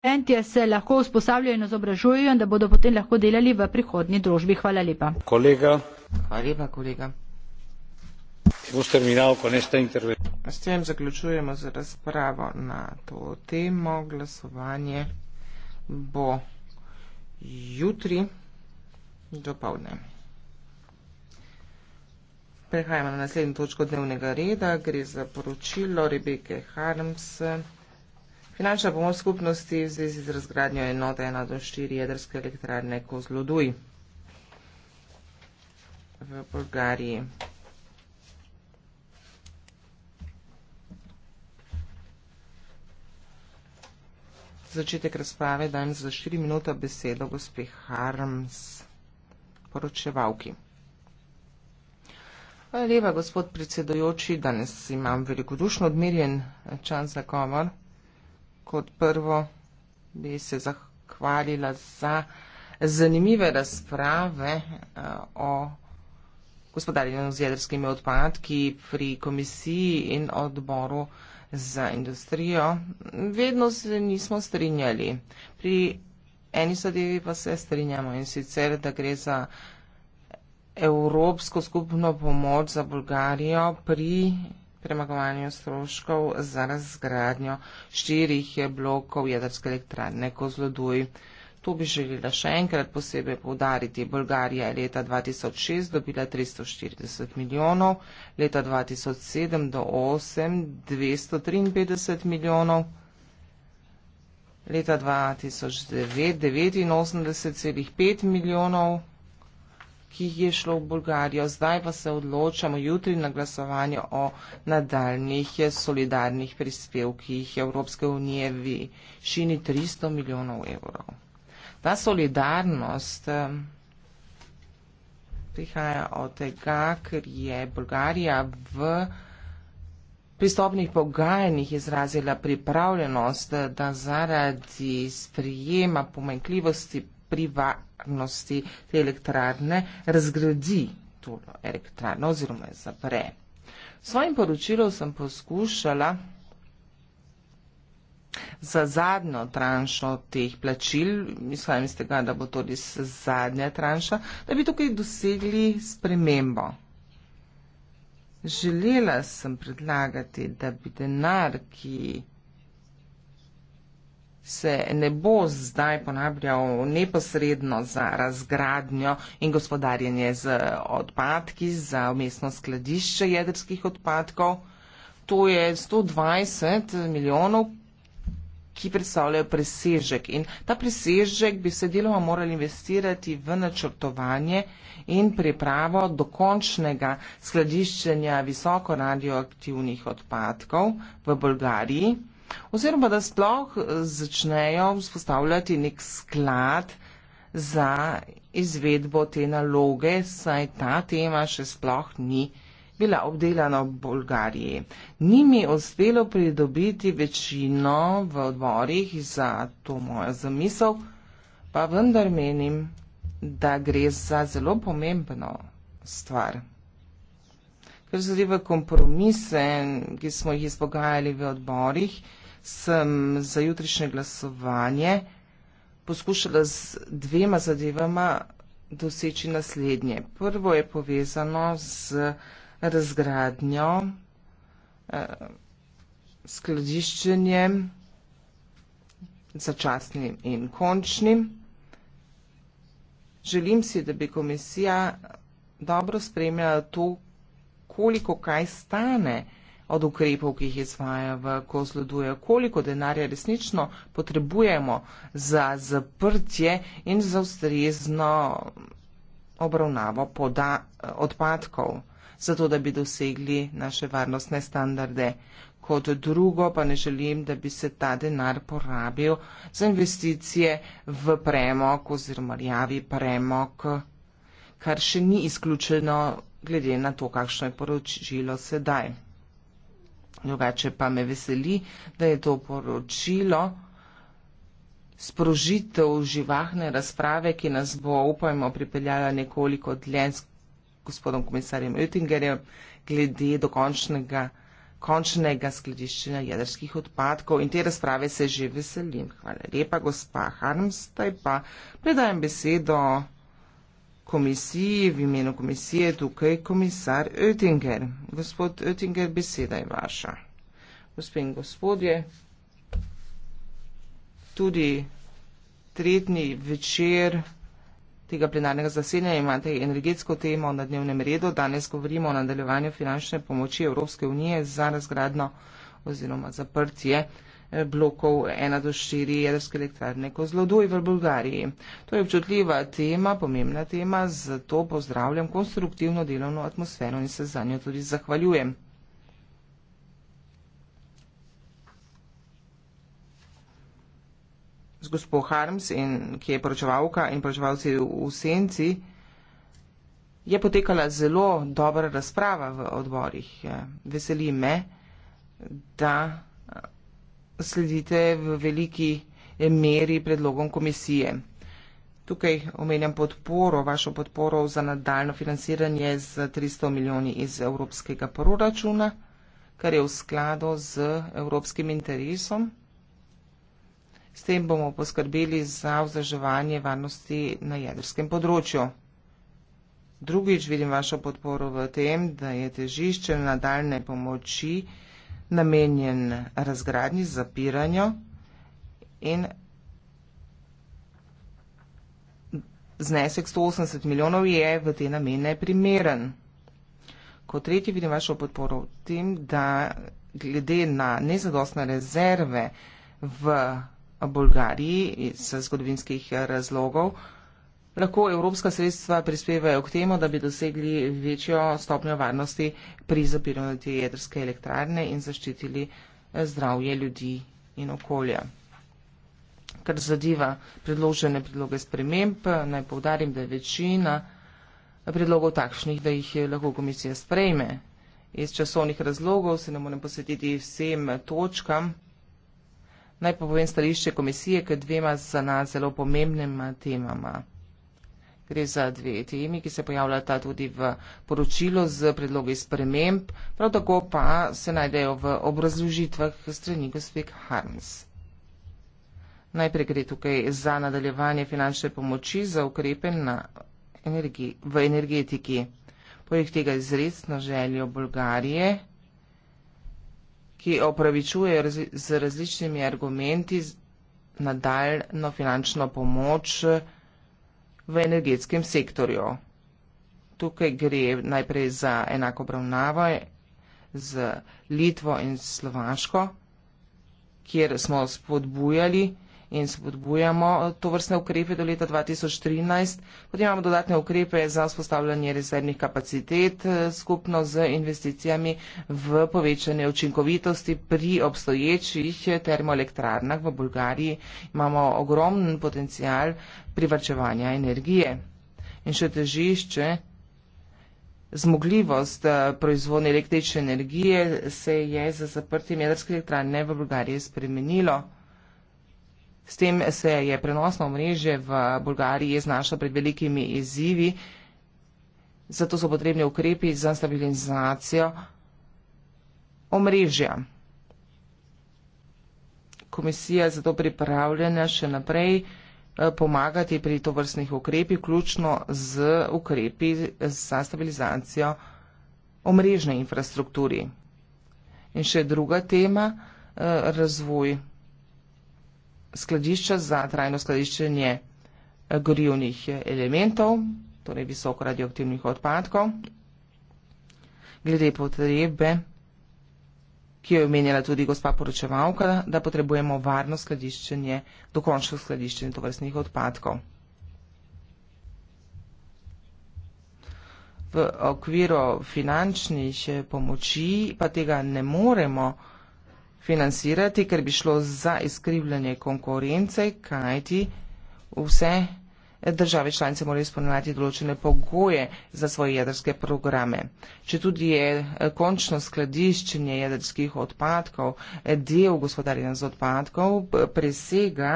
Študenti se lahko usposabljajo in izobražujejo, da bodo potem lahko delali v prihodnji družbi. Hvala lepa. Kolega. Hvala lepa, kolega. S tem zaključujemo z razpravo na to temo. Glasovanje bo jutri do povdne. Prehajamo na naslednjo točko dnevnega reda. Gre za poročilo Rebeke Harms. Finančna pomoč skupnosti v zvezi z razgradnjo enote 1 do 4 jedrske elektrarne Kozloduj v Bolgariji. Začetek razprave dajem za 4 minuta besedo gospe Harms, poročevalki. Hvala lepa, gospod predsedojoči, danes imam velikodušno odmerjen čas za govor kot prvo bi se zahvalila za zanimive razprave eh, o gospodarjenju z jedrskimi odpadki pri komisiji in odboru za industrijo. Vedno se nismo strinjali. Pri eni sodi pa se strinjamo in sicer, da gre za evropsko skupno pomoč za Bulgarijo pri premagovanju stroškov za razgradnjo štirih blokov jedrske elektrarne Kozloduj. To bi želela še enkrat posebej povdariti. Bolgarija je leta 2006 dobila 340 milijonov, leta 2007 do 2008 253 milijonov, leta 2009 89,5 milijonov, ki je šlo v Bulgarijo. Zdaj pa se odločamo jutri na glasovanje o nadaljnih solidarnih prispevkih Evropske unije v višini 300 milijonov evrov. Ta solidarnost prihaja od tega, ker je Bulgarija v pristopnih pogajanjih izrazila pripravljenost, da zaradi sprijema pomenkljivosti pri varnosti te elektrarne, razgradi to elektrarno oziroma je zapre. Svojim poročilom sem poskušala za zadnjo tranšo teh plačil, mislim iz tega, da bo to tudi zadnja tranša, da bi tukaj dosegli spremembo. Želela sem predlagati, da bi denar, ki se ne bo zdaj ponabljal neposredno za razgradnjo in gospodarjenje z odpadki, za umestno skladišče jedrskih odpadkov. To je 120 milijonov, ki predstavljajo presežek. In ta presežek bi se deloma morali investirati v načrtovanje in pripravo dokončnega skladiščenja visoko radioaktivnih odpadkov v Bolgariji oziroma da sploh eh, začnejo vzpostavljati nek sklad za izvedbo te naloge, saj ta tema še sploh ni bila obdelana v Bolgariji. Ni mi uspelo pridobiti večino v odborih za to mojo zamisel, pa vendar menim, da gre za zelo pomembno stvar. Ker zadeva kompromise, ki smo jih izpogajali v odborih, sem za jutrišnje glasovanje poskušala z dvema zadevama doseči naslednje. Prvo je povezano z razgradnjo, eh, skladiščenjem, začasnim in končnim. Želim si, da bi komisija dobro spremljala to, koliko kaj stane od ukrepov, ki jih izvaja v Kozloduje, koliko denarja resnično potrebujemo za zaprtje in za ustrezno obravnavo poda, odpadkov, zato da bi dosegli naše varnostne standarde. Kot drugo pa ne želim, da bi se ta denar porabil za investicije v premok oziroma javi premok, kar še ni izključeno glede na to, kakšno je poročilo sedaj. Drugače pa me veseli, da je to poročilo sprožitev živahne razprave, ki nas bo, upajmo, pripeljala nekoliko dlje s gospodom komisarjem Oettingerjem glede dokončnega končnega skladiščenja jedrskih odpadkov in te razprave se že veselim. Hvala lepa, gospa Harms, zdaj pa predajem besedo komisiji, v imenu komisije tukaj komisar Oettinger. Gospod Oettinger, beseda je vaša. Gospod in gospodje, tudi tretji večer tega plenarnega zasedanja imate energetsko temo na dnevnem redu. Danes govorimo o nadaljevanju finančne pomoči Evropske unije za razgradno oziroma zaprtje blokov 1 do 4 jedrske elektrarne Kozlodoj v Bulgariji. To je občutljiva tema, pomembna tema, zato pozdravljam konstruktivno delovno atmosfero in se za njo tudi zahvaljujem. Z gospo Harms, in, ki je poročevalka in poročevalci v Senci, je potekala zelo dobra razprava v odborih. Veseli me, da sledite v veliki meri predlogom komisije. Tukaj omenjam podporo, vašo podporo za nadaljno financiranje z 300 milijoni iz evropskega proračuna, kar je v skladu z evropskim interesom. S tem bomo poskrbeli za vzdrževanje varnosti na jedrskem področju. Drugič vidim vašo podporo v tem, da je težišče nadaljne pomoči namenjen razgradnji, zapiranju in znesek 180 milijonov je v te namene primeren. Kot tretje vidim vašo podporo v tem, da glede na nezadostne rezerve v Bolgariji iz zgodovinskih razlogov, lahko evropska sredstva prispevajo k temu, da bi dosegli večjo stopnjo varnosti pri zapiranju te jedrske elektrarne in zaščitili eh, zdravje ljudi in okolja. Kar zadeva predložene predloge sprememb, eh, naj povdarim, da je večina predlogov takšnih, da jih eh, lahko komisija sprejme. Iz časovnih razlogov se ne morem posvetiti vsem točkam. Naj pa povem stališče komisije k dvema za nas zelo pomembnima temama. Gre za dve temi, ki se pojavljata tudi v poročilu z predlogi sprememb, prav tako pa se najdejo v obrazložitvah strani gospod Harms. Najprej gre tukaj za nadaljevanje finančne pomoči za ukrepe energi, v energetiki. Poleg tega izredno željo Bolgarije, ki opravičuje razli, z različnimi argumenti nadaljno finančno pomoč, v energetskem sektorju. Tukaj gre najprej za enako obravnavo eh, z Litvo in Slovaško, kjer smo spodbujali in spodbujamo eh, to vrstne ukrepe do leta 2013. Potem imamo dodatne ukrepe za vzpostavljanje rezervnih kapacitet eh, skupno z investicijami v povečanje učinkovitosti pri obstoječih eh, termoelektrarnah v Bulgariji. Imamo ogromen potencial privrčevanja energije. In še težišče, zmogljivost proizvodne električne energije se je za zaprtje jedrske elektrane v Bulgariji spremenilo. S tem se je prenosno mreže v Bolgariji znašlo pred velikimi izzivi, zato so potrebni ukrepi za stabilizacijo omrežja. Komisija je zato pripravljena še naprej eh, pomagati pri tovrstnih ukrepi, vključno z ukrepi za stabilizacijo omrežne infrastrukturi. In še druga tema, eh, razvoj skladišča za trajno skladiščenje eh, gorivnih eh, elementov, torej visoko radioaktivnih odpadkov. Glede potrebe, ki jo je omenjala tudi gospa poročevalka, da potrebujemo varno skladiščenje, dokončno skladiščenje tovrstnih odpadkov. V okviru finančnih eh, pomoči pa tega ne moremo uh, financirati, ker bi šlo za izkrivljanje konkurence, kajti vse države članice morajo izpolnjevati določene pogoje za svoje jedrske programe. Če tudi je eh, končno skladiščenje jedrskih odpadkov, eh, del gospodarjenja z odpadkov eh, presega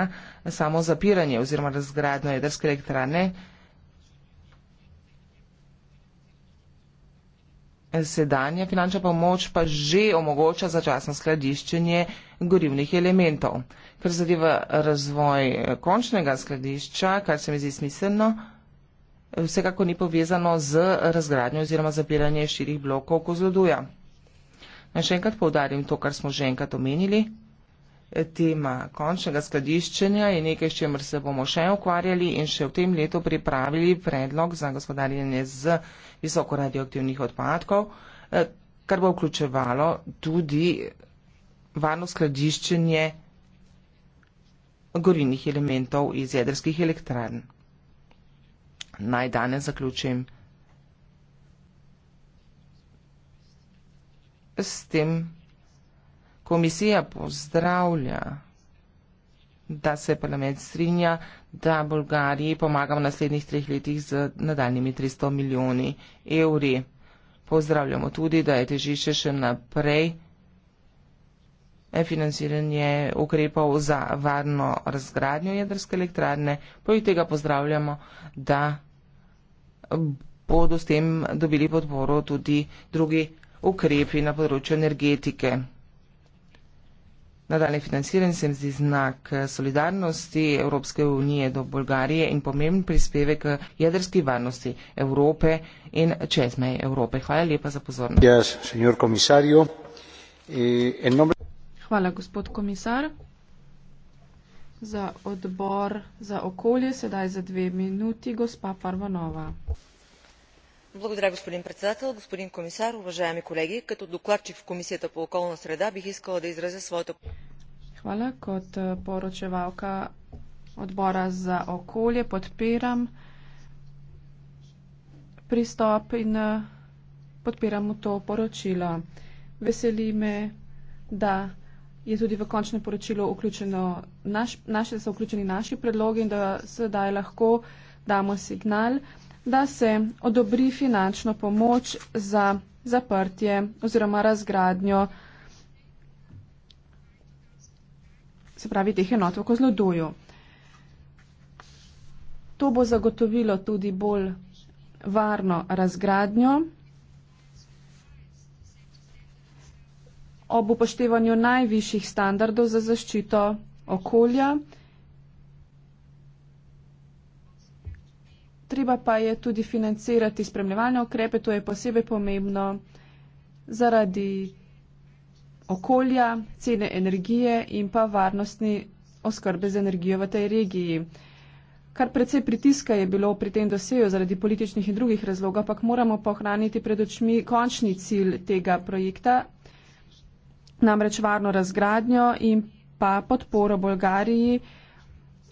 samo zapiranje oziroma razgradno jedrske elektrane, Sedanja finančna pomoč pa že omogoča začasno skladiščenje gorivnih elementov. Kar zadeva razvoj eh, končnega skladišča, kar se mi zdi smiselno, vsekako ni povezano z razgradnjo oziroma zapiranje širih blokov kozloduja. Naj še enkrat povdarim to, kar smo že enkrat omenili tema končnega skladiščenja je nekaj, s čemer se bomo še ukvarjali in še v tem letu pripravili predlog za gospodarjenje z visoko radioaktivnih odpadkov, eh, kar bo vključevalo tudi varno skladiščenje gorivnih elementov iz jedrskih elektrarn. Naj danes zaključim s tem. Komisija pozdravlja, da se parlament strinja, da Bolgariji pomaga v naslednjih treh letih z nadaljnimi 300 milijoni evri. Pozdravljamo tudi, da je težišče še naprej eh, financiranje ukrepov za varno razgradnjo jedrske elektrarne. Poleg tega pozdravljamo, da bodo s tem dobili podporo tudi drugi ukrepi na področju energetike nadalje financiran, se mi zdi znak eh, solidarnosti Evropske unije do Bolgarije in pomemben prispevek k jedrski varnosti Evrope in čezmej Evrope. Hvala lepa za pozornost. Yes, eh, Hvala, gospod komisar. Za odbor za okolje sedaj za dve minuti gospa Farvanova господин председател господин комисар уважаеми колеги като докладчик в комисията по околна среда бих искала да изразя своята Hvala. Kot poročevalka odbora za okolje podpiram pristop in podpiram to poročilo. Veseli me, da je tudi v končno poročilo vključeno naš, naše, so vključeni naši predlogi in da sedaj lahko damo signal, da se odobri finančno pomoč za zaprtje oziroma razgradnjo se pravi, teh enot v Kozloduju. To bo zagotovilo tudi bolj varno razgradnjo ob upoštevanju najvišjih standardov za zaščito okolja. treba pa je tudi financirati spremljevalne ukrepe, to je posebej pomembno zaradi okolja, cene energije in pa varnostni oskrbe z energijo v tej regiji. Kar precej pritiska je bilo pri tem dosejo zaradi političnih in drugih razlogov, ampak moramo pa ohraniti pred očmi končni cilj tega projekta, namreč varno razgradnjo in pa podporo Bolgariji,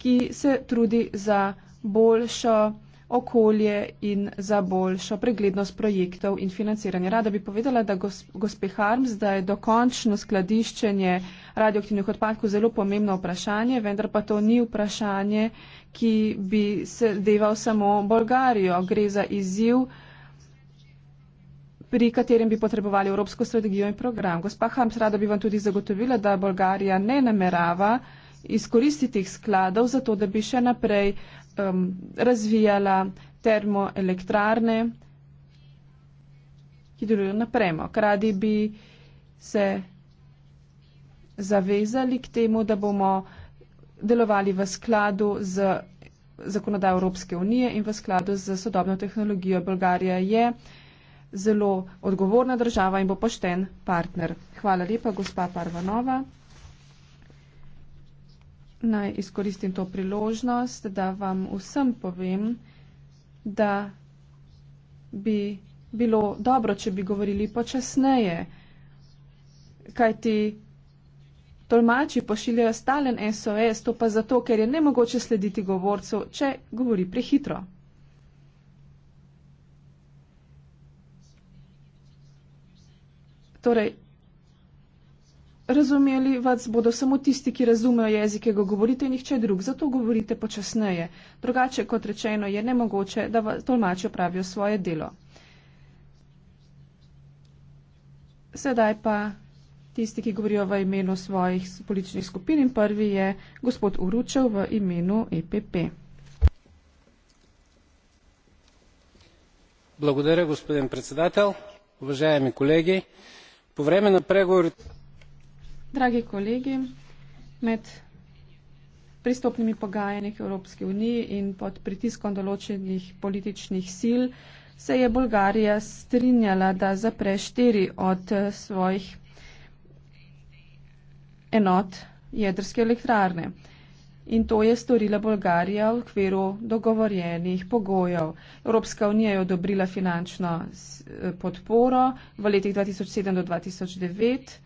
ki se trudi za boljšo okolje in za boljšo preglednost projektov in financiranje. Rada bi povedala, da gospe Harms, da je dokončno skladiščenje radioaktivnih odpadkov zelo pomembno vprašanje, vendar pa to ni vprašanje, ki bi se deval samo Bolgarijo. Gre za izziv, pri katerem bi potrebovali evropsko strategijo in program. Gospa Harms, rada bi vam tudi zagotovila, da Bolgarija ne namerava izkoristiti teh skladov za to, da bi še naprej um, razvijala termoelektrarne, ki delujejo na premog. Radi bi se zavezali k temu, da bomo delovali v skladu z zakonodajo Evropske unije in v skladu z sodobno tehnologijo. Bolgarija je zelo odgovorna država in bo pošten partner. Hvala lepa, gospa Parvanova naj izkoristim to priložnost, da vam vsem povem, da bi bilo dobro, če bi govorili počasneje, kajti tolmači pošiljajo stalen SOS, to pa zato, ker je nemogoče slediti govorcu, če govori prehitro. Torej, razumeli vas bodo samo tisti, ki razumejo jezik, ki ga govorite, nihče drug. Zato govorite počasneje. Drugače, kot rečeno, je nemogoče, da tolmači opravijo svoje delo. Sedaj pa tisti, ki govorijo v imenu svojih političnih skupin in prvi je gospod Uručev v imenu EPP. Благодаря, господин председател. Уважаеми колеги, по време на преговорите Dragi kolegi, med pristopnimi pogajanji k Evropski uniji in pod pritiskom določenih političnih sil se je Bolgarija strinjala, da zapre štiri od svojih enot jedrske elektrarne. In to je storila Bolgarija v okviru dogovorjenih pogojev. Evropska unija je odobrila finančno eh, podporo v letih 2007 do 2009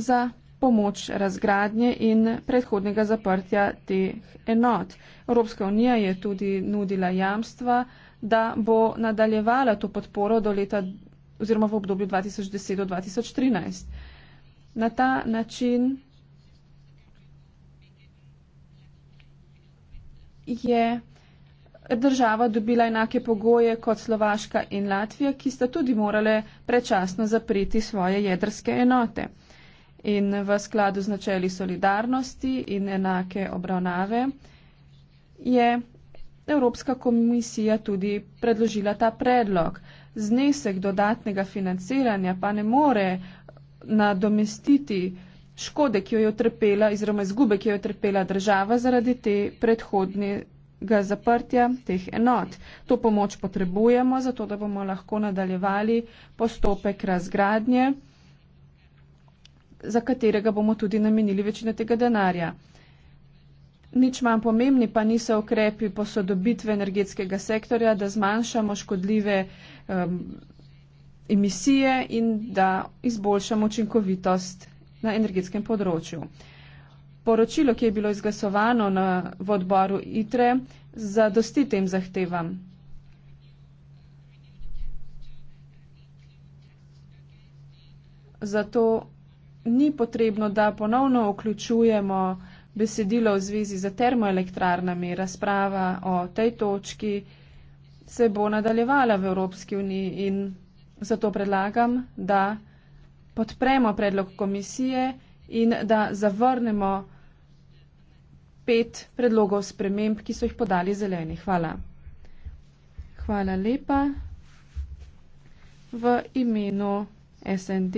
za pomoč razgradnje in predhodnega zaprtja teh enot. Evropska unija je tudi nudila jamstva, da bo nadaljevala to podporo do leta oziroma v obdobju 2010-2013. Na ta način je država dobila enake pogoje kot Slovaška in Latvija, ki sta tudi morale prečasno zapreti svoje jedrske enote in v skladu z načeli solidarnosti in enake obravnave je Evropska komisija tudi predložila ta predlog. Znesek dodatnega financiranja pa ne more nadomestiti škode, ki jo je utrpela, oziroma izgube, ki jo je utrpela država zaradi te predhodnega zaprtja teh enot. To pomoč potrebujemo, zato da bomo lahko nadaljevali postopek razgradnje za katerega bomo tudi namenili večino tega denarja. Nič manj pomembni pa niso ukrepi posodobitve energetskega sektorja, da zmanjšamo škodljive um, emisije in da izboljšamo učinkovitost na energetskem področju. Poročilo, ki je bilo izglasovano na, v odboru ITRE, zadosti tem zahtevam. Zato ni potrebno, da ponovno vključujemo besedilo v zvezi z termoelektrarnami. Razprava o tej točki se bo nadaljevala v Evropski uniji in zato predlagam, da podpremo predlog komisije in da zavrnemo pet predlogov sprememb, ki so jih podali zeleni. Hvala. Hvala lepa. V imenu SND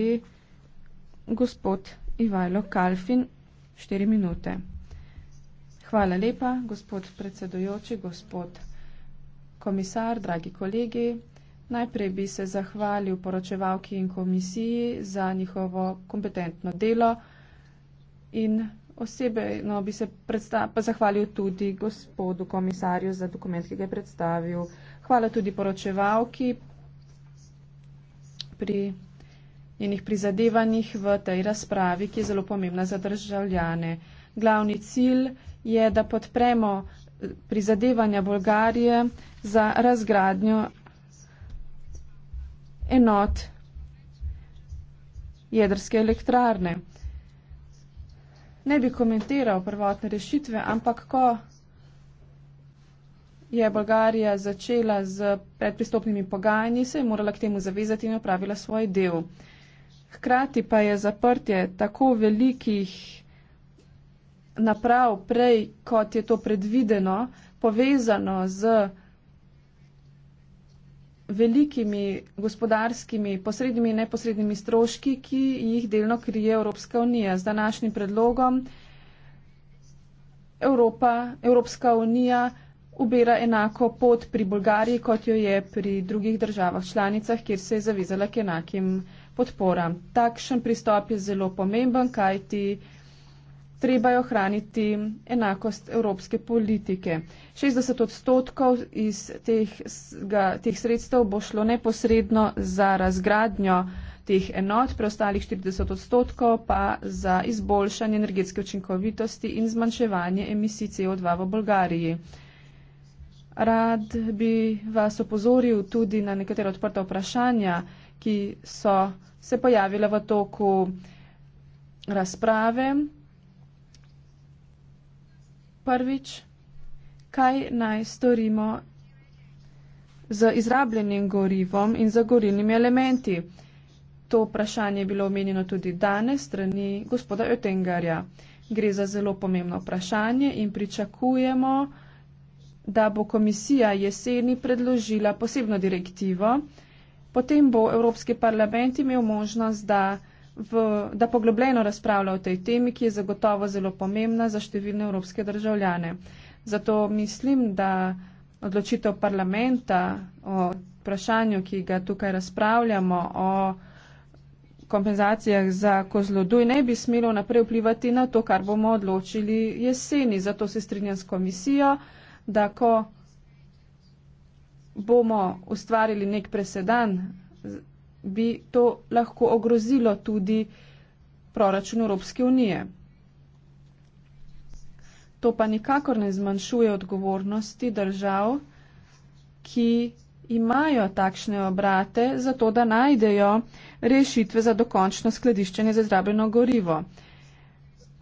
gospod Ivajlo Kalfin, štiri minute. Hvala lepa, gospod predsedujoči, gospod komisar, dragi kolegi. Najprej bi se zahvalil poročevalki in komisiji za njihovo kompetentno delo in osebejno bi se pa zahvalil tudi gospodu komisarju za dokument, ki ga je predstavil. Hvala tudi poročevalki pri komisarju njenih prizadevanjih v tej razpravi, ki je zelo pomembna za državljane. Glavni cilj je, da podpremo eh, prizadevanja Bolgarije za razgradnjo enot jedrske elektrarne. Ne bi komentiral prvotne rešitve, ampak ko je Bolgarija začela z predpristopnimi pogajanji, se je morala k temu zavezati in opravila svoj del. Hkrati pa je zaprtje tako velikih naprav prej, kot je to predvideno, povezano z velikimi gospodarskimi posrednimi in neposrednimi stroški, ki jih delno krije Evropska unija. Z današnjim predlogom Evropa, Evropska unija ubira enako pot pri Bolgariji, kot jo je pri drugih državah članicah, kjer se je zavizala k enakim podpora. Takšen pristop je zelo pomemben, kajti treba je ohraniti enakost evropske politike. 60 odstotkov iz teh, ga, teh sredstev bo šlo neposredno za razgradnjo teh enot, preostalih 40 odstotkov pa za izboljšanje energetske učinkovitosti in zmanjševanje emisij CO2 v Bolgariji. Rad bi vas opozoril tudi na nekatera odprta vprašanja ki so se pojavile v toku razprave. Prvič, kaj naj storimo z izrabljenim gorivom in z gorilnimi elementi? To vprašanje je bilo omenjeno tudi danes strani gospoda Oettingerja. Gre za zelo pomembno vprašanje in pričakujemo, da bo komisija jeseni predložila posebno direktivo, Potem bo Evropski parlament imel možnost, da, v, da poglobljeno razpravlja o tej temi, ki je zagotovo zelo pomembna za številne evropske državljane. Zato mislim, da odločitev parlamenta o vprašanju, ki ga tukaj razpravljamo, o kompenzacijah za kozloduj, ne bi smelo naprej vplivati na to, kar bomo odločili jeseni. Zato se strinjam s komisijo, da ko bomo ustvarili nek presedan, bi to lahko ogrozilo tudi proračun Evropske unije. To pa nikakor ne zmanjšuje odgovornosti držav, ki imajo takšne obrate za to, da najdejo rešitve za dokončno skladiščenje za zdrabljeno gorivo.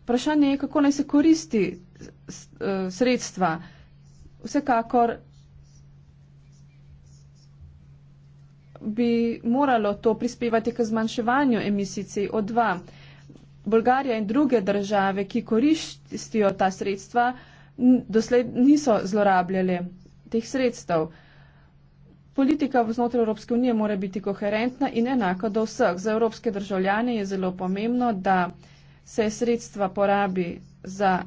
Vprašanje je, kako naj se koristi eh, sredstva. Vsekakor bi moralo to prispevati k zmanjševanju emisij CO2. Bolgarija in druge države, ki koristijo ta sredstva, dosled niso zlorabljali teh sredstev. Politika vznotraj Evropske unije mora biti koherentna in enaka do vseh. Za evropske državljane je zelo pomembno, da se sredstva porabi za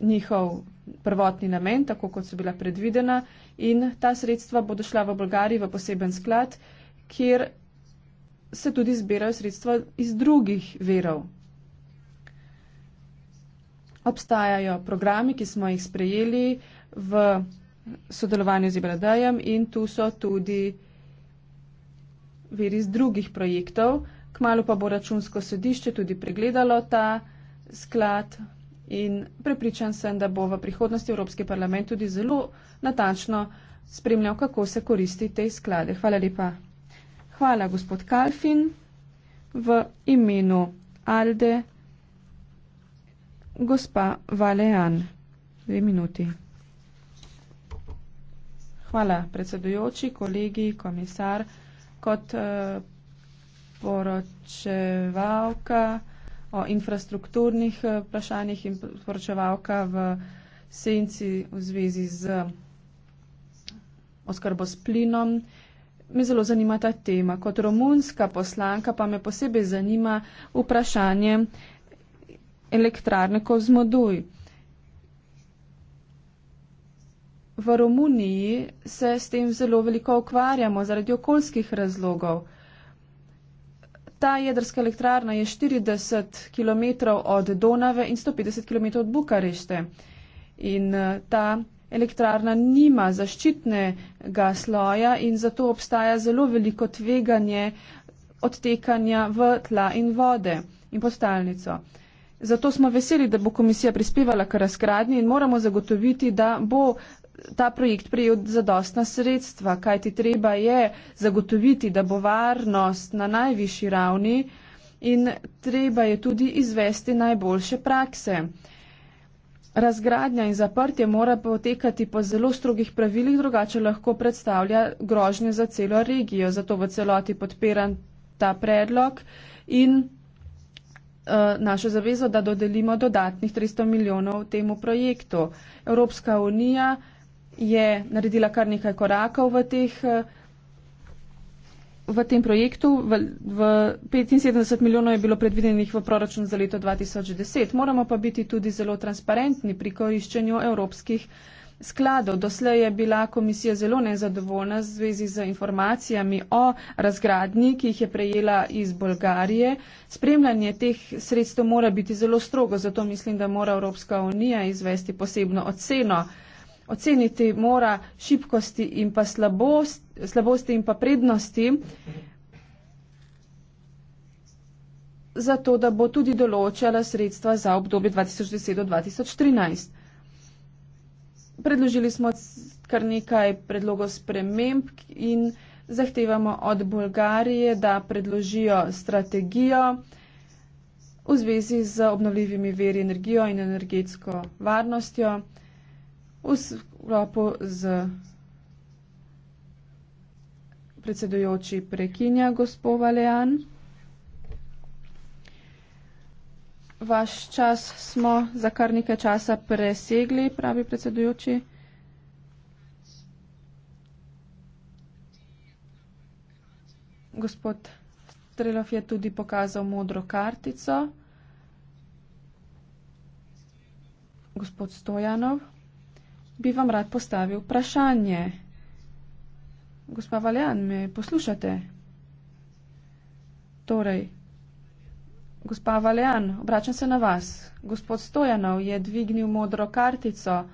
njihov prvotni namen, tako kot so bila predvidena. In ta sredstva bodo šla v Bolgariji v poseben sklad, kjer se tudi zbirajo sredstva iz drugih verov. Obstajajo programi, ki smo jih sprejeli v sodelovanju z IBRD-jem in tu so tudi veri iz drugih projektov. Kmalo pa bo računsko sodišče tudi pregledalo ta sklad, in prepričan sem, da bo v prihodnosti Evropski parlament tudi zelo natančno spremljal, kako se koristi te sklade. Hvala lepa. Hvala, gospod Kalfin, v imenu Alde, gospa Valejan. Dve minuti. Hvala, predsedujoči, kolegi, komisar. Kot uh, poročevalka o infrastrukturnih eh, vprašanjih in poročevalka v senci v zvezi z oskrbo s plinom. Me zelo zanima ta tema. Kot romunska poslanka pa me posebej zanima vprašanje elektrarne Kozmoduj. V Romuniji se s tem zelo veliko ukvarjamo zaradi okoljskih razlogov. Ta jedrska elektrarna je 40 km od Donave in 150 km od Bukarešte. In eh, ta elektrarna nima zaščitnega sloja in zato obstaja zelo veliko tveganje odtekanja v tla in vode in postalnico. Zato smo veseli, da bo komisija prispevala k razgradnji in moramo zagotoviti, da bo ta projekt prejel zadostna sredstva, kaj ti treba je zagotoviti, da bo varnost na najvišji ravni in treba je tudi izvesti najboljše prakse. Razgradnja in zaprtje mora potekati po zelo strogih pravilih, drugače lahko predstavlja grožnje za celo regijo. Zato v celoti podpiram ta predlog in eh, našo zavezo, da dodelimo dodatnih 300 milijonov temu projektu. Evropska unija je naredila kar nekaj korakov v, teh, eh, v tem projektu. V, v 75 milijonov je bilo predvidenih v proračun za leto 2010. Moramo pa biti tudi zelo transparentni pri koriščenju evropskih skladov. Doslej je bila komisija zelo nezadovoljna z vezi z informacijami o razgradni, ki jih je prejela iz Bolgarije. Spremljanje teh sredstev mora biti zelo strogo, zato mislim, da mora Evropska unija izvesti posebno oceno oceniti mora šibkosti in pa slabost, slabosti in pa prednosti, zato da bo tudi določala sredstva za obdobje 2010-2013. Predložili smo kar nekaj predlogov sprememb in zahtevamo od Bolgarije, da predložijo strategijo v zvezi z obnovljivimi veri energijo in energetsko varnostjo v sklopu z predsedujoči prekinja gospod Valejan. Vaš čas smo za kar nekaj časa presegli, pravi predsedujoči. Gospod Strelov je tudi pokazal modro kartico. Gospod Stojanov bi vam rad postavil vprašanje. Gospa Valjan, me poslušate? Torej, gospa Valjan, obračam se na vas. Gospod Stojanov je dvignil modro kartico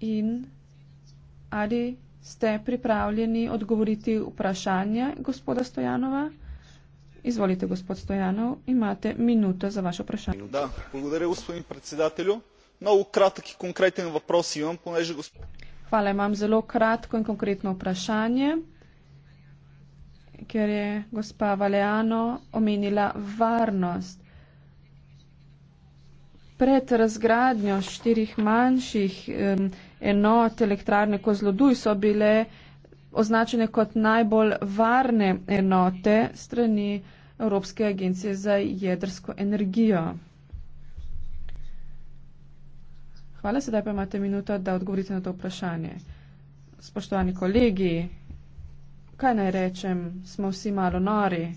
in ali ste pripravljeni odgovoriti vprašanje gospoda Stojanova? Izvolite, gospod Stojanov, imate minuto za vaše vprašanje. Da, Nov kratki konkreten vprašanje imam, ponajže gospod. Hvala, imam zelo kratko in konkretno vprašanje, ker je gospa Valeano omenila varnost. Pred razgradnjo štirih manjših enot elektrarne Kozloduj so bile označene kot najbolj varne enote strani Evropske agencije za jedrsko energijo. Hvala, sedaj pa imate minuto, da odgovorite na to vprašanje. Spoštovani kolegi, kaj naj rečem, smo vsi malo nori.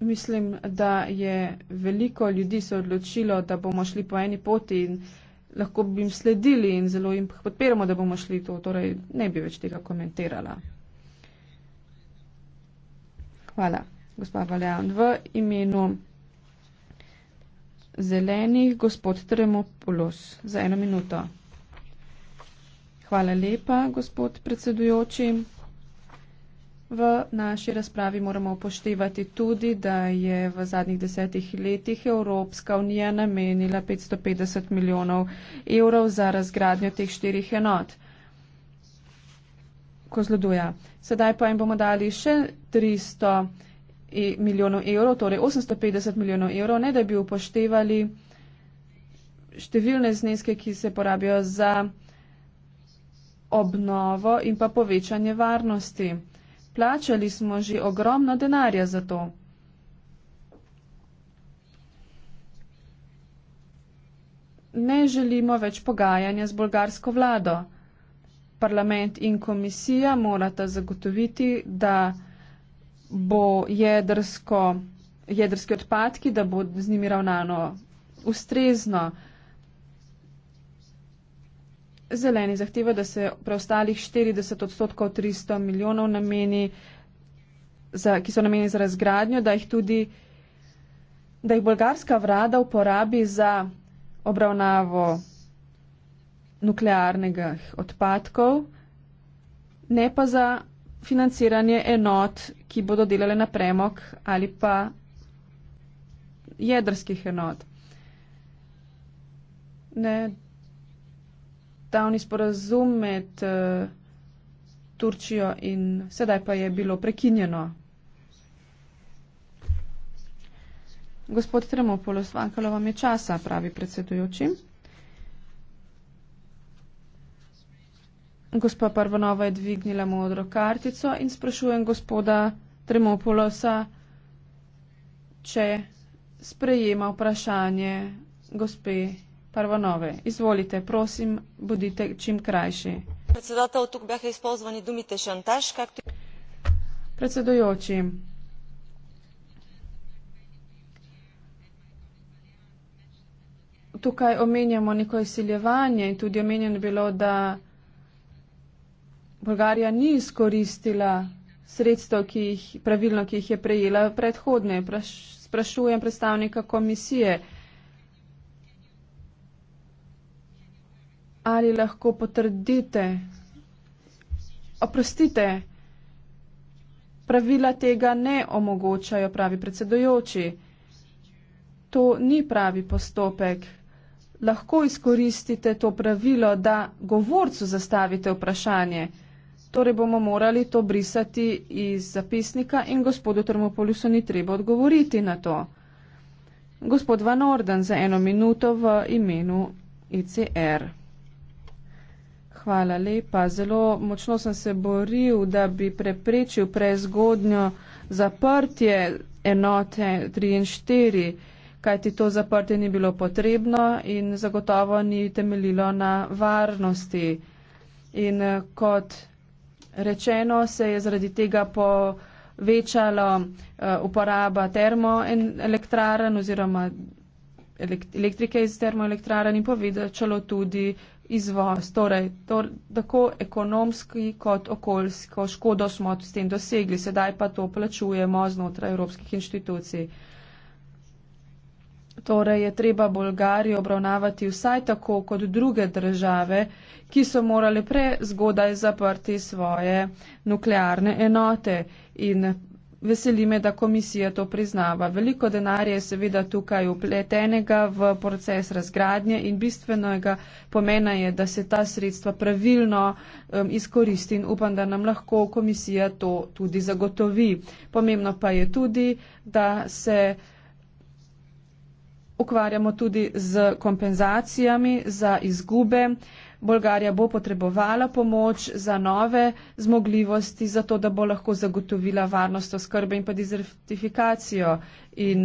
Mislim, da je veliko ljudi se odločilo, da bomo šli po eni poti in lahko bi jim sledili in zelo jim podpiramo, da bomo šli to. Torej, ne bi več tega komentirala. Hvala, gospod Valjan. V imenu zelenih, gospod Tremopoulos, za eno minuto. Hvala lepa, gospod predsedujoči. V naši razpravi moramo upoštevati tudi, da je v zadnjih desetih letih Evropska unija namenila 550 milijonov evrov za razgradnjo teh štirih enot. Kozloduja. Sedaj pa jim bomo dali še 300 milijonov milijonov evrov, torej 850 milijonov evrov, ne da bi upoštevali številne zneske, ki se porabijo za obnovo in pa povečanje varnosti. Plačali smo že ogromno denarja za to. Ne želimo več pogajanja z bolgarsko vlado. Parlament in komisija morata zagotoviti, da bo jedrsko, jedrski odpadki, da bo z njimi ravnano ustrezno. Zeleni zahteva, da se preostalih 40 odstotkov 300 milijonov, nameni za, ki so nameni za razgradnjo, da jih tudi, da jih bolgarska vlada uporabi za obravnavo nuklearnega odpadkov, ne pa za financiranje enot, ki bodo delale na premog ali pa jedrskih enot. Ne, davni sporazum med uh, Turčijo in sedaj pa je bilo prekinjeno. Gospod Tremopolos, vankalo vam je časa, pravi predsedujočim. Gospa Parvanova je dvignila modro kartico in sprašujem gospoda Tremopolosa, če sprejema vprašanje gospe Parvanove. Izvolite, prosim, bodite čim krajši. Predsedujoči, tukaj omenjamo neko izsiljevanje in tudi omenjeno bilo, da Bolgarija ni izkoristila sredstev, ki jih, pravilno, ki jih je prejela predhodne. Praš, sprašujem predstavnika komisije, ali lahko potrdite, oprostite, pravila tega ne omogočajo, pravi predsedojoči. To ni pravi postopek. Lahko izkoristite to pravilo, da govorcu zastavite vprašanje. Torej bomo morali to brisati iz zapisnika in gospodu Termopolusu ni treba odgovoriti na to. Gospod Van Orden za eno minuto v imenu ICR. Hvala lepa. Zelo močno sem se boril, da bi preprečil prezgodnjo zaprtje enote 3 in 4, kajti to zaprtje ni bilo potrebno in zagotovo ni temeljilo na varnosti. In kot rečeno, se je zaradi tega povečalo eh, uporaba termoelektraren oziroma elektrike iz termoelektraren in povečalo tudi izvoz. Torej, to, tako ekonomski kot okoljsko škodo smo s tem dosegli, sedaj pa to plačujemo znotraj evropskih inštitucij. Uh, Torej je treba Bolgarijo obravnavati vsaj tako kot druge države, ki so morale prezgodaj zaprti svoje nuklearne enote. In veseli me, da komisija to priznava. Veliko denarja je seveda tukaj upletenega v proces razgradnje in bistvenega pomena je, da se ta sredstva pravilno um, izkoristi in upam, da nam lahko komisija to tudi zagotovi. Pomembno pa je tudi, da se ukvarjamo tudi z kompenzacijami za izgube. Bolgarija bo potrebovala pomoč za nove zmogljivosti, zato da bo lahko zagotovila varnost oskrbe in pa dizertifikacijo in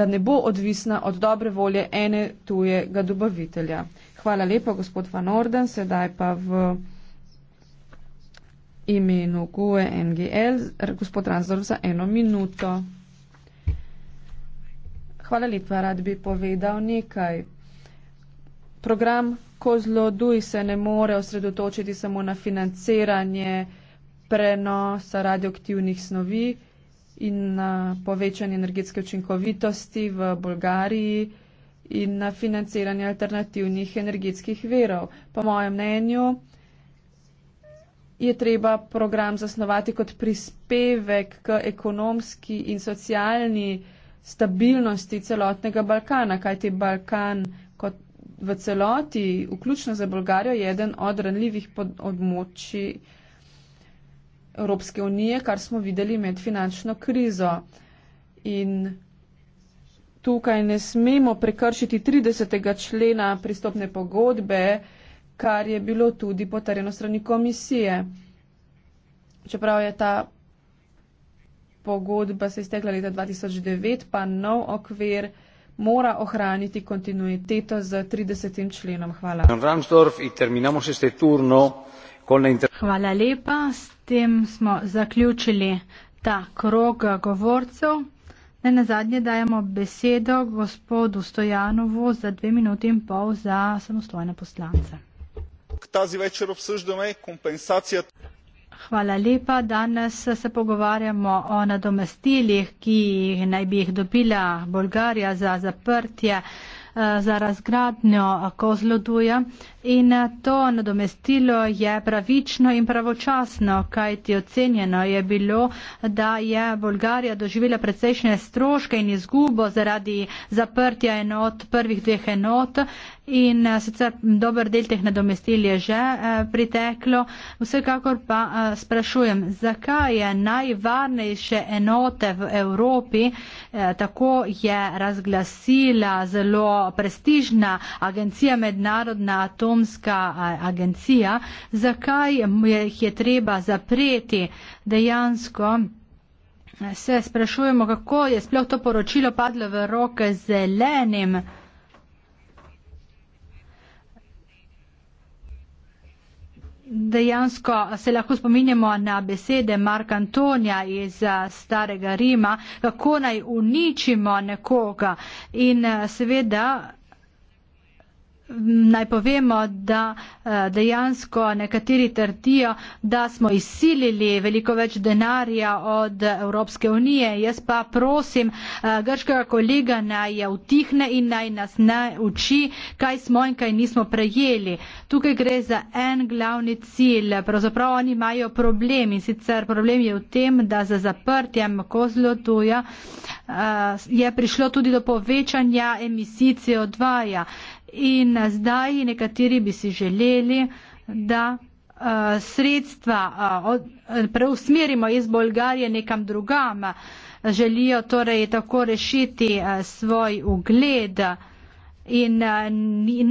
da ne bo odvisna od dobre volje ene tujega dobavitelja. Hvala lepa, gospod Van Orden, sedaj pa v imenu GUE NGL, gospod Ransdorf, za eno minuto. Hvala lepa, rad bi povedal nekaj. Program Kozloduj se ne more osredotočiti samo na financiranje prenosa radioaktivnih snovi in na povečanje energetske učinkovitosti v Bolgariji in na financiranje alternativnih energetskih verov. Po mojem mnenju je treba program zasnovati kot prispevek k ekonomski in socialni stabilnosti celotnega Balkana, kajti Balkan kot v celoti, vključno za Bolgarijo, je eden od ranljivih območij Evropske unije, kar smo videli med finančno krizo. In tukaj ne smemo prekršiti 30. člena pristopne pogodbe, kar je bilo tudi potrjeno strani komisije. Čeprav je ta pogodba se je iztekla leta 2009, pa nov okvir mora ohraniti kontinuiteto z 30. členom. Hvala. Hvala lepa. S tem smo zaključili ta krog govorcev. Naj na zadnje dajemo besedo gospodu Stojanovu za dve minuti in pol za samostojne poslance. Hvala lepa. Danes se pogovarjamo o nadomestilih, ki jih naj bi jih dobila Bolgarija za zaprtje, eh, za razgradnjo kozloduja. In eh, to nadomestilo je pravično in pravočasno, kaj ti ocenjeno je bilo, da je Bolgarija doživela precejšnje stroške in izgubo zaradi zaprtja enot, prvih dveh enot. In eh, sicer dober del teh nadomestil je že eh, priteklo, vsekakor pa eh, sprašujem, zakaj je najvarnejše enote v Evropi, eh, tako je razglasila zelo prestižna agencija, mednarodna atomska eh, agencija, zakaj jih je treba zapreti dejansko. Eh, se sprašujemo, kako je sploh to poročilo padlo v roke zelenim. Dejansko se lahko spominjamo na besede Marka Antonija iz eh, starega Rima, kako naj uničimo nekoga. In eh, seveda Naj povemo, da eh, dejansko nekateri trdijo, da smo izsilili veliko več denarja od Evropske unije. Jaz pa prosim eh, grškega kolega naj je vtihne in naj nas nauči, kaj smo in kaj nismo prejeli. Tukaj gre za en glavni cilj. Pravzaprav oni imajo problem in sicer problem je v tem, da za zaprtjem kozlotuja eh, je prišlo tudi do povečanja emisij CO2. -ja in eh, zdaj nekateri bi si želeli, da eh, sredstva eh, preusmerimo iz Bolgarije nekam drugam. Želijo torej tako rešiti svoj ugled in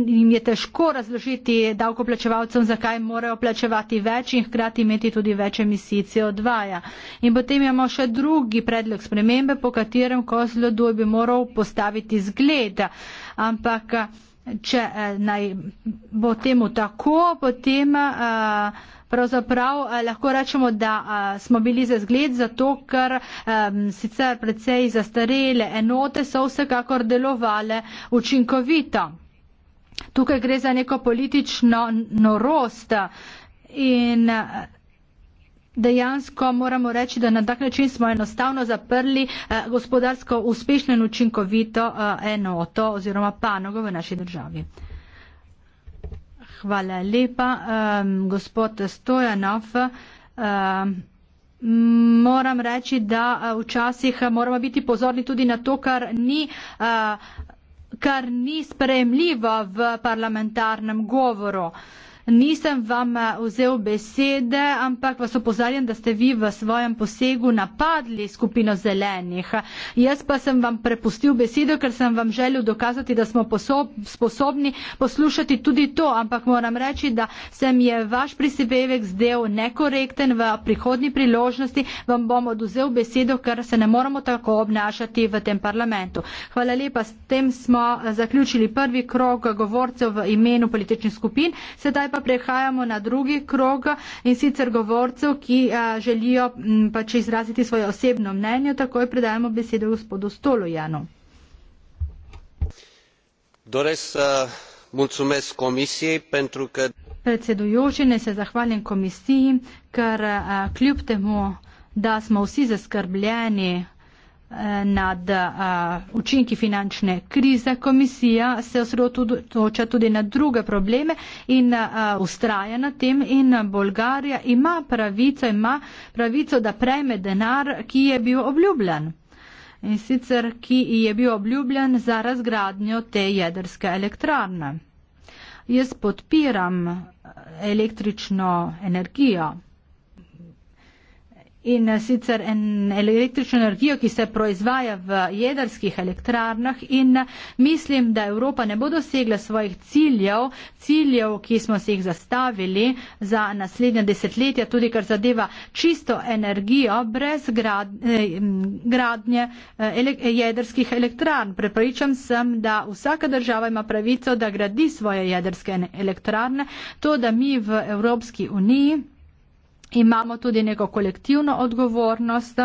jim je težko razložiti davkoplačevalcem, zakaj morajo plačevati več in hkrati imeti tudi več emisij CO2. -ja. In potem imamo še drugi predlog spremembe, po katerem kozlodu bi moral postaviti zgled. Ampak če eh, naj bo temu tako, potem eh, pravzaprav eh, lahko rečemo, da eh, smo bili za zgled, zato ker eh, sicer precej zastarele enote so vsekakor delovale učinkovito. Tukaj gre za neko politično norost in. Eh, dejansko moramo reči, da na tak način smo enostavno zaprli eh, gospodarsko uspešno in učinkovito eh, enoto oziroma panogo v naši državi. Hvala lepa, eh, gospod Stojanov. Eh, moram reči, da eh, včasih moramo biti pozorni tudi na to, kar ni. Eh, kar ni sprejemljivo v parlamentarnem govoru. Uh, Nisem vam eh, vzel besede, ampak vas opozarjam, da ste vi v svojem posegu napadli skupino zelenih. Jaz pa sem vam prepustil besedo, ker sem vam želel dokazati, da smo sposobni poslušati tudi to, ampak moram reči, da se mi je vaš prisipevek zdel nekorekten v prihodni priložnosti. Vam bom oduzel besedo, ker se ne moramo tako obnašati v tem parlamentu. Hvala lepa, s tem smo eh, zaključili prvi krog govorcev v imenu političnih skupin. Sedaj pa prehajamo na drugi krog in sicer govorcev, ki a, eh, želijo m, pač izraziti svoje osebno mnenje. Takoj predajamo besedo gospodu Stolojanu. Doris, uh, ka... Predsedujoči, ne se zahvalim komisiji, ker a, eh, kljub temu, da smo vsi zaskrbljeni nad uh, učinki finančne krize. Komisija se osredotoča tudi na druge probleme in uh, ustraja na tem in Bolgarija ima pravico, ima pravico, da prejme denar, ki je bil obljubljen in sicer ki je bil obljubljen za razgradnjo te jedrske elektrarne. Jaz podpiram eh, električno energijo in eh, sicer en električno energijo, ki se proizvaja v jedrskih elektrarnah in eh, mislim, da Evropa ne bo dosegla svojih ciljev, ciljev, ki smo si jih zastavili za naslednje desetletja, tudi kar zadeva čisto energijo brez grad, eh, gradnje eh, jedrskih elektrarn. Prepričam sem, da vsaka država ima pravico, da gradi svoje jedrske elektrarne, to da mi v Evropski uniji imamo tudi neko kolektivno odgovornost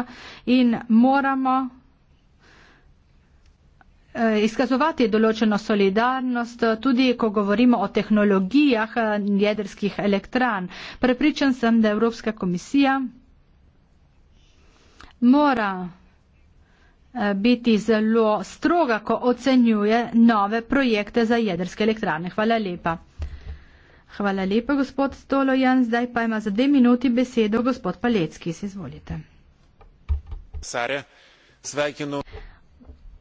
in moramo e, izkazovati določeno solidarnost, tudi ko govorimo o tehnologijah e, jedrskih elektran. Prepričan sem, da Evropska komisija mora e, biti zelo stroga, ko ocenjuje nove projekte za jedrske elektrane. Hvala lepa. Hvala lepa, gospod Stolojan. Zdaj pa ima za dve minuti besedo gospod Palecki. Izvolite. Sare, sveikinu.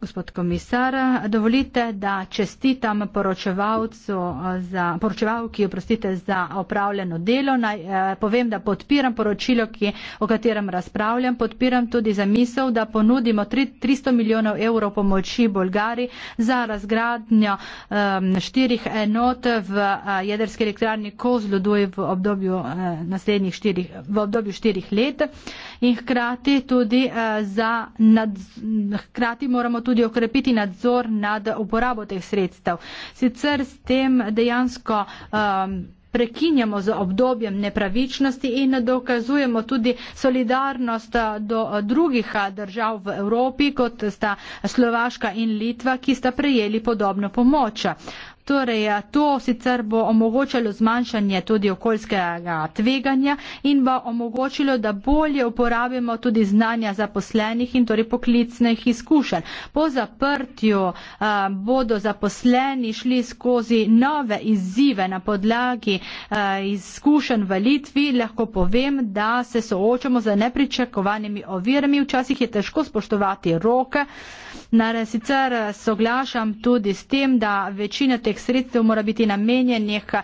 Gospod komisar, dovolite, da čestitam poročevalcu eh, za, poročevalki, oprostite, za opravljeno delo. Naj eh, povem, da podpiram poročilo, ki, o katerem razpravljam, podpiram tudi zamisel, da ponudimo tri, 300 milijonov evrov pomoči Bolgari za razgradnjo eh, štirih enot v eh, jedrski elektrarni Kozloduj v obdobju eh, naslednjih štirih, v obdobju štirih let in hkrati tudi eh, za, nad, hkrati moramo tudi tudi okrepiti nadzor nad uporabo teh sredstev. Sicer s tem dejansko um, prekinjamo z obdobjem nepravičnosti in dokazujemo tudi solidarnost uh, do uh, drugih uh, držav v Evropi, kot sta Slovaška in Litva, ki sta prejeli podobno pomoč torej ja, to sicer bo omogočalo zmanjšanje tudi okoljskega tveganja in bo omogočilo, da bolje uporabimo tudi znanja zaposlenih in torej poklicnih izkušenj. Po zaprtju a, eh, bodo zaposleni šli skozi nove izzive na podlagi a, eh, izkušenj v Litvi. Lahko povem, da se soočamo z nepričakovanimi ovirami, včasih je težko spoštovati roke. Nare, sicer eh, soglašam tudi s tem, da večina teh sredstev mora biti namenjenih eh,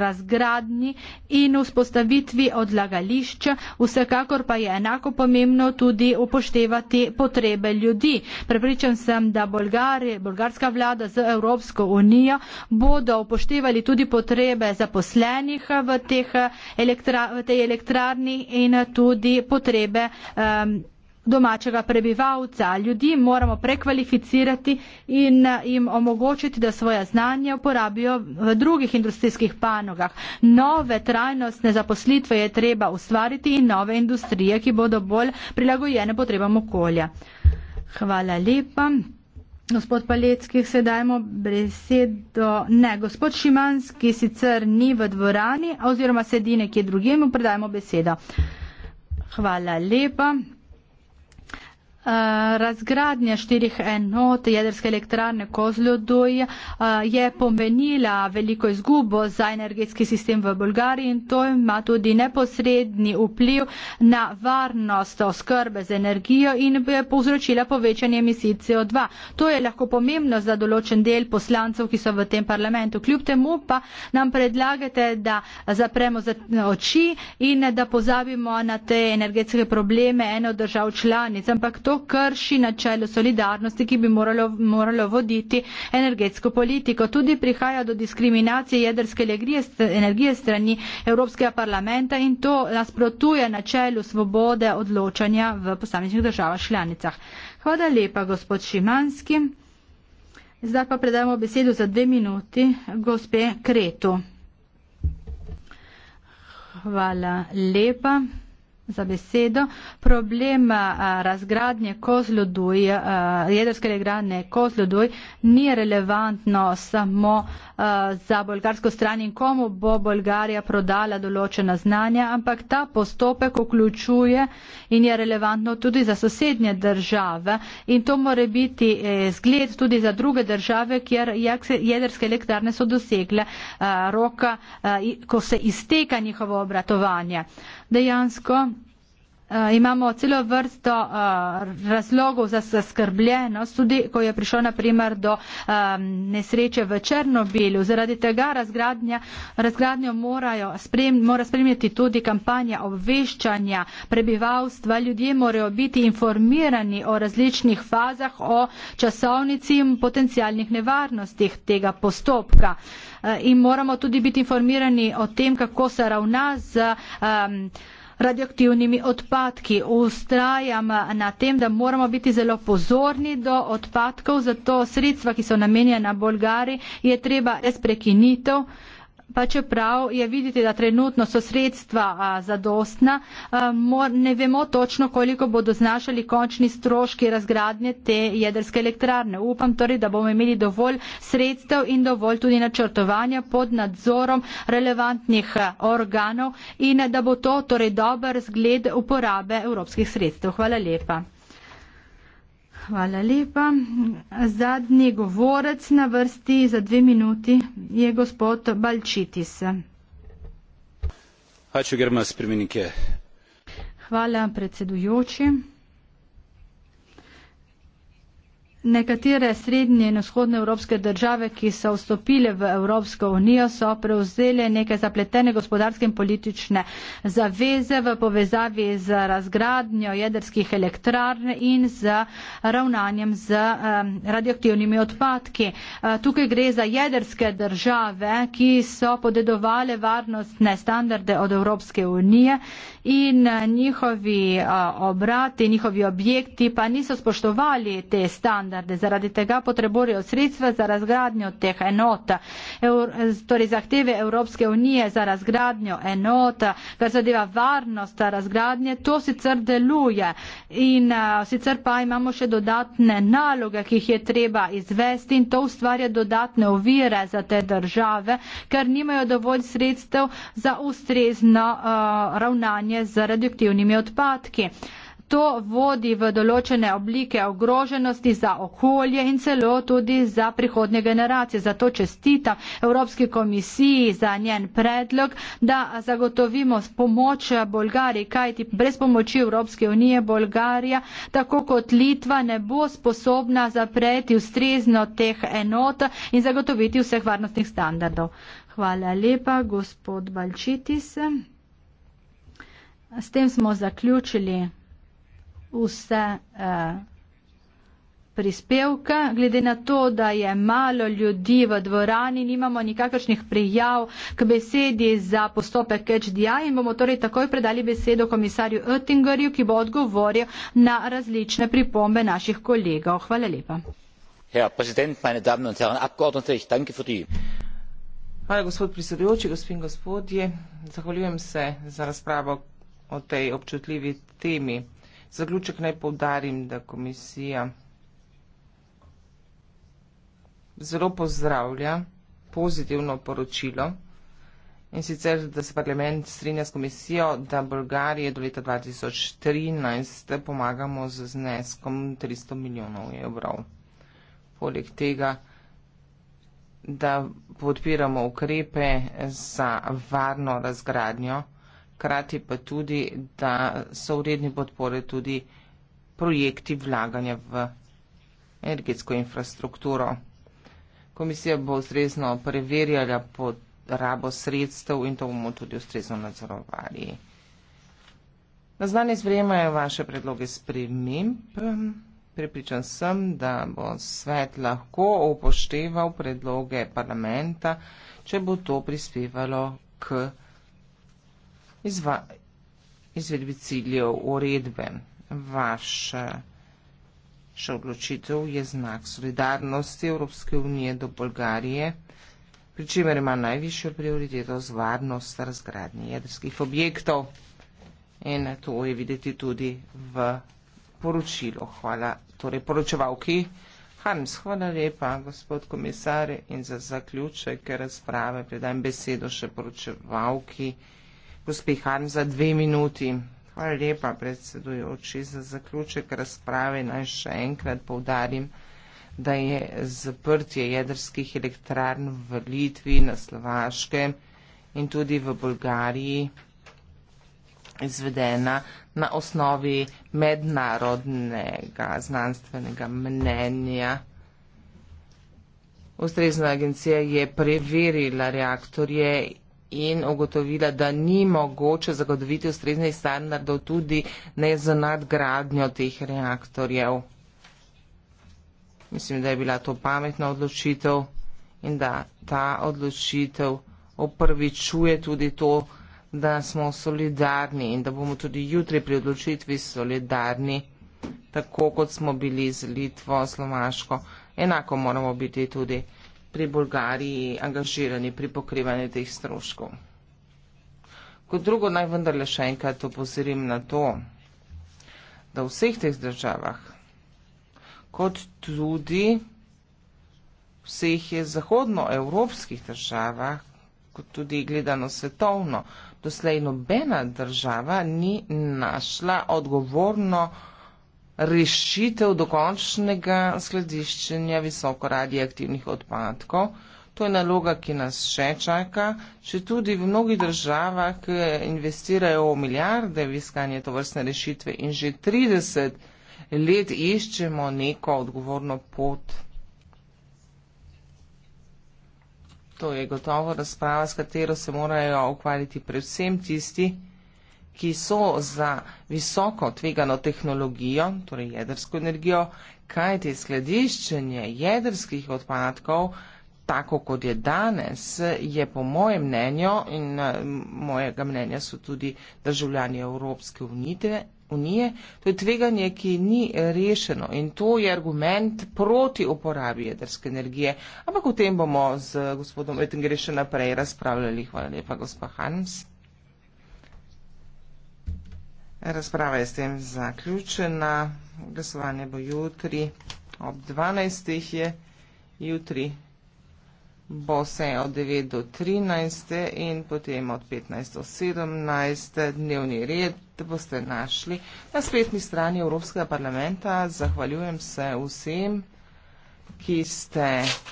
razgradni in vzpostavitvi odlagališča, vsekakor pa je enako pomembno tudi upoštevati potrebe ljudi. Prepričan sem, da Bolgari, bolgarska vlada z Evropsko unijo bodo upoštevali tudi potrebe zaposlenih v, eh, elektra, v tej elektrarni in tudi potrebe. Um, domačega prebivalca. Ljudi moramo prekvalificirati in eh, jim omogočiti, da svoje znanje uporabijo v drugih industrijskih panogah. Nove trajnostne zaposlitve je treba ustvariti in nove industrije, ki bodo bolj prilagojene potrebam okolja. Hvala lepa. Gospod Palecki, se dajmo besedo. Ne, gospod Šimanski sicer ni v dvorani oziroma sedi nekje drugim, predajmo besedo. Hvala lepa. Eh, razgradnja štirih enot jedrske elektrarne Kozloduj eh, je pomenila veliko izgubo za energetski sistem v Bolgariji in to ima tudi neposredni vpliv na varnost oskrbe z energijo in je povzročila povečanje emisij CO2. To je lahko pomembno za določen del poslancev, ki so v tem parlamentu. Kljub temu pa nam predlagate, da zapremo oči in da pozabimo na te energetske probleme eno držav članic. Ampak to to krši načelo solidarnosti, ki bi moralo, moralo voditi energetsko politiko. Tudi prihaja do diskriminacije jedrske energije strani Evropskega parlamenta in to nasprotuje načelu svobode odločanja v posameznih državah članicah. Hvala lepa, gospod Šimanski. Zdaj pa predajamo besedo za dve minuti gospe Kretu. Hvala lepa za besedo. Problem razgradnje Kozloduj, jedrske elektrarne Kozloduj, ni relevantno samo za bolgarsko stran in komu bo Bolgarija prodala določena znanja, ampak ta postopek vključuje in je relevantno tudi za sosednje države in to more biti e, zgled tudi za druge države, kjer jedrske elektrarne so dosegle roka, ko se izteka njihovo obratovanje. Dejansko Uh, imamo celo vrsto uh, razlogov za zaskrbljenost, tudi ko je prišlo naprimer do um, nesreče v Černobilju. Zaradi tega razgradnjo sprem, mora spremljati tudi kampanja obveščanja prebivalstva. Ljudje morajo biti informirani o različnih fazah, o časovnici in potencijalnih nevarnostih tega postopka. Uh, in moramo tudi biti informirani o tem, kako se ravna z. Um, radioaktivnimi odpadki. Ustrajam na tem, da moramo biti zelo pozorni do odpadkov, zato sredstva, ki so namenjena Bolgari, je treba res prekinitev pa čeprav je videti, da trenutno so sredstva a, zadostna, a, mor, ne vemo točno, koliko bodo znašali končni stroški razgradnje te jedrske elektrarne. Upam torej, da bomo imeli dovolj sredstev in dovolj tudi načrtovanja pod nadzorom relevantnih organov in da bo to torej dober zgled uporabe evropskih sredstev. Hvala lepa. Hvala lepa. Zadnji govorec na vrsti za dve minuti je gospod Balčitis. Hvala predsedujoči. Nekatere srednje in vzhodne evropske države, ki so vstopile v Evropsko unijo, so prevzele neke zapletene gospodarske in politične zaveze v povezavi z razgradnjo jedrskih elektrarn in z ravnanjem z radioaktivnimi odpadki. Tukaj gre za jedrske države, ki so podedovale varnostne standarde od Evropske unije in e, njihovi obrati, njihovi objekti pa niso spoštovali te standarde standarde. Zaradi tega potrebujejo sredstva za razgradnjo teh enot. Eur, torej zahteve Evropske unije za razgradnjo enot, kar zadeva varnost razgradnje, to sicer deluje. In uh, sicer pa imamo še dodatne naloge, ki jih je treba izvesti in to ustvarja dodatne ovire za te države, ker nimajo dovolj sredstev za ustrezno uh, ravnanje z radioaktivnimi odpadki. To vodi v določene oblike ogroženosti za okolje in celo tudi za prihodnje generacije. Zato čestitam Evropski komisiji za njen predlog, da zagotovimo pomoč Bolgariji, kajti brez pomoči Evropske unije Bolgarija, tako kot Litva, ne bo sposobna zapreti ustrezno teh enot in zagotoviti vseh varnostnih standardov. Hvala lepa, gospod Balčitis. S tem smo zaključili vse eh, prispevke. Glede na to, da je malo ljudi v dvorani, nimamo nikakršnih prijav k besedi za postopek HDI in bomo torej takoj predali besedo komisarju Oettingerju, ki bo odgovoril na različne pripombe naših kolegov. Hvala lepa. Herr Präsident, meine Damen und Herren Abgeordnete, ich danke für die. Hvala, gospod prisedujoči, gospod in gospodje. Zahvaljujem se za razpravo o tej občutljivi temi zaključek naj povdarim, da komisija zelo pozdravlja pozitivno poročilo in sicer, da se parlament strinja s komisijo, da Bolgarije do leta 2013 pomagamo z zneskom 300 milijonov evrov. Poleg tega, da podpiramo ukrepe za varno razgradnjo, hkrati pa tudi, da so vredni podpore tudi projekti vlaganja v energetsko infrastrukturo. Komisija bo ustrezno preverjala porabo sredstev in to bomo tudi ustrezno nadzorovali. Na znanje sprejemajo vaše predloge sprememb. Pripričan sem, da bo svet lahko upošteval predloge parlamenta, če bo to prispevalo k izva, izvedbi ciljev uredbe. Vaš še odločitev je znak solidarnosti Evropske unije do Bolgarije, pri čemer ima najvišjo prioriteto z varnost razgradnje jedrskih objektov. In to je videti tudi v poročilu. Hvala, torej poročevalki. Harms, hvala lepa, gospod komisar. In za zaključek razprave predajem besedo še poročevalki. Gospe Hamza, dve minuti. Hvala lepa, predsedujoči, za zaključek razprave. Naj še enkrat povdarim, da je zaprtje jedrskih elektrarn v Litvi, na Slovaškem in tudi v Bolgariji izvedena na osnovi mednarodnega znanstvenega mnenja. Ustrezna agencija je preverila reaktorje in ugotovila, da ni mogoče zagotoviti ustreznih standardov tudi ne z nadgradnjo teh reaktorjev. Mislim, da je bila to pametna odločitev in da ta odločitev opravičuje tudi to, da smo solidarni in da bomo tudi jutri pri odločitvi solidarni, tako kot smo bili z Litvo, Slovaško. Enako moramo biti tudi pri Bolgariji angažirani pri pokrivanju teh stroškov. Kot drugo naj vendarle še enkrat opozorim na to, da v vseh teh državah, kot tudi vseh je zahodnoevropskih državah, kot tudi gledano svetovno, doslej nobena država ni našla odgovorno vsega, rešitev dokončnega skladiščenja visoko radioaktivnih odpadkov. To je naloga, ki nas še čaka, če tudi v mnogih državah, ki eh, investirajo milijarde v iskanje tovrstne rešitve in že 30 let iščemo neko odgovorno pot. To je gotovo razprava, s katero se morajo ukvarjati predvsem tisti, ki ki so za visoko tvegano tehnologijo, torej jedrsko energijo, kajti skladiščenje jedrskih odpadkov, tako kot je danes, je po mojem mnenju in eh, mojega mnenja so tudi državljani Evropske unite, unije, to je tveganje, ki ni rešeno in to je argument proti uporabi jedrske energije. Ampak o tem bomo z gospodom Etengere še naprej razpravljali. Hvala lepa, gospod Hans. Razprava je s tem zaključena. Glasovanje bo jutri ob 12. je. Jutri bo se od 9 do 13. in potem od 15 do 17. dnevni red boste našli na spletni strani Evropskega parlamenta. Zahvaljujem se vsem, ki ste.